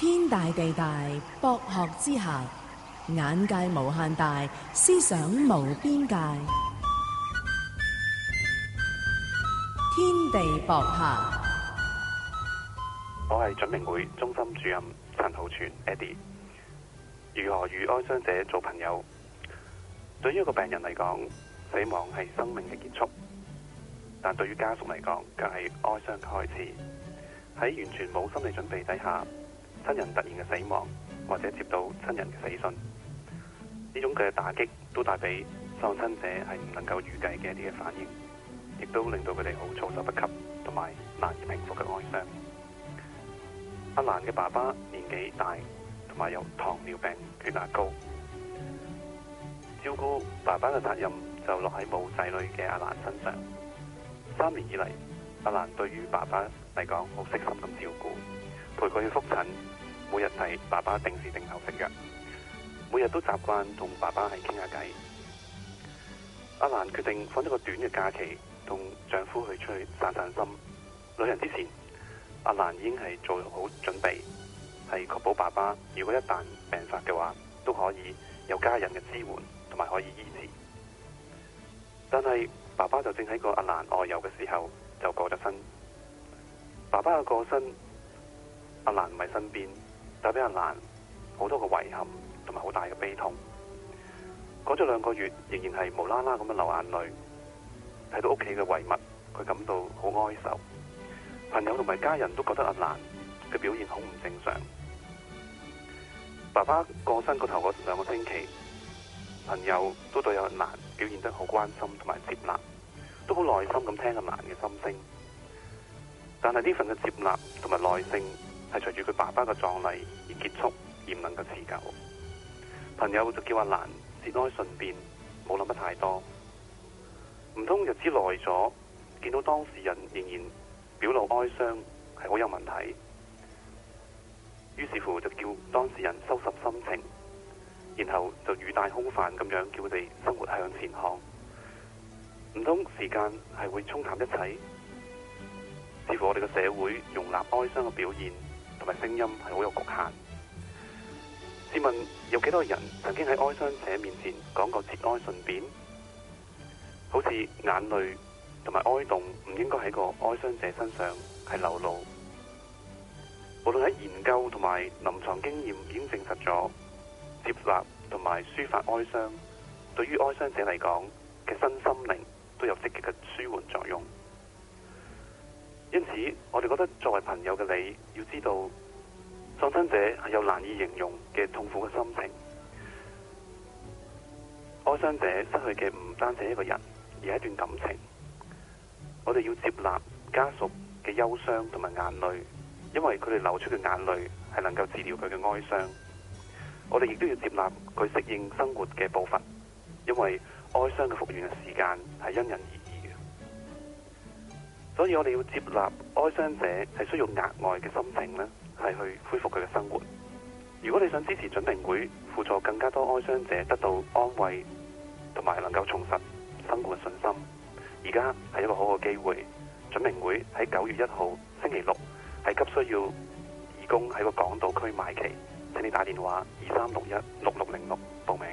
天大地大，博學之下，眼界無限大，思想無邊界。天地博客，我係准明會中心主任陳浩泉。Eddie，如何與哀傷者做朋友？對於一個病人嚟講，死亡係生命嘅結束；但對於家屬嚟講，卻係哀傷嘅開始。喺完全冇心理準備底下。親人突然嘅死亡，或者接到親人嘅死訊，呢種嘅打擊都帶俾喪親者係唔能夠預計嘅一啲嘅反應，亦都令到佢哋好措手不及，同埋難以平復嘅哀傷。阿蘭嘅爸爸年紀大，同埋有糖尿病、血壓高，照顧爸爸嘅責任就落喺冇仔女嘅阿蘭身上。三年以嚟，阿蘭對於爸爸嚟講好悉心咁照顧。陪佢去複診，每日睇爸爸定時定候食藥，每日都習慣同爸爸係傾下偈。阿蘭決定放一個短嘅假期，同丈夫去出去散散心。旅行之前，阿蘭已經係做好準備，係確保爸爸如果一旦病發嘅話，都可以有家人嘅支援，同埋可以醫治。但係爸爸就正喺個阿蘭外遊嘅時候，就過咗身。爸爸嘅過身。阿蘭唔喺身邊，帶俾阿蘭，好多嘅遺憾同埋好大嘅悲痛。講咗兩個月，仍然係無啦啦咁樣流眼淚，睇到屋企嘅遺物，佢感到好哀愁。朋友同埋家人都覺得阿蘭嘅表現好唔正常。爸爸過身嗰頭嗰兩個星期，朋友都對阿蘭表現得好關心同埋接納，都好耐心咁聽阿蘭嘅心聲。但係呢份嘅接納同埋耐性，係隨住佢爸爸嘅葬禮而結束，而唔能夠持久。朋友就叫阿蘭節哀順變，冇諗得太多。唔通日子耐咗，見到當事人仍然表露哀傷，係好有問題。於是乎就叫當事人收拾心情，然後就語帶空泛咁樣叫佢哋生活向前行。唔通時間係會沖淡一切？似乎我哋個社會容納哀傷嘅表現聲音係好有局限。試問有幾多人曾經喺哀傷者面前講過節哀順變？好似眼淚同埋哀慟唔應該喺個哀傷者身上係流露。無論喺研究同埋臨床經驗已經證實咗，接納同埋抒發哀傷，對於哀傷者嚟講嘅身心靈都有積極嘅作用。我哋覺得作為朋友嘅你，要知道喪生者係有難以形容嘅痛苦嘅心情，哀傷者失去嘅唔單止一個人，而係一段感情。我哋要接納家屬嘅憂傷同埋眼淚，因為佢哋流出嘅眼淚係能夠治療佢嘅哀傷。我哋亦都要接納佢適應生活嘅步伐，因為哀傷嘅復原嘅時間係因人而異。所以我哋要接納哀傷者係需要額外嘅心情呢，呢係去恢復佢嘅生活。如果你想支持贐明會，輔助更加多哀傷者得到安慰，同埋能夠重拾生活信心，而家係一個好嘅機會。贐明會喺九月一號星期六係急需要義工喺個港島區賣旗，請你打電話二三六一六六零六報名。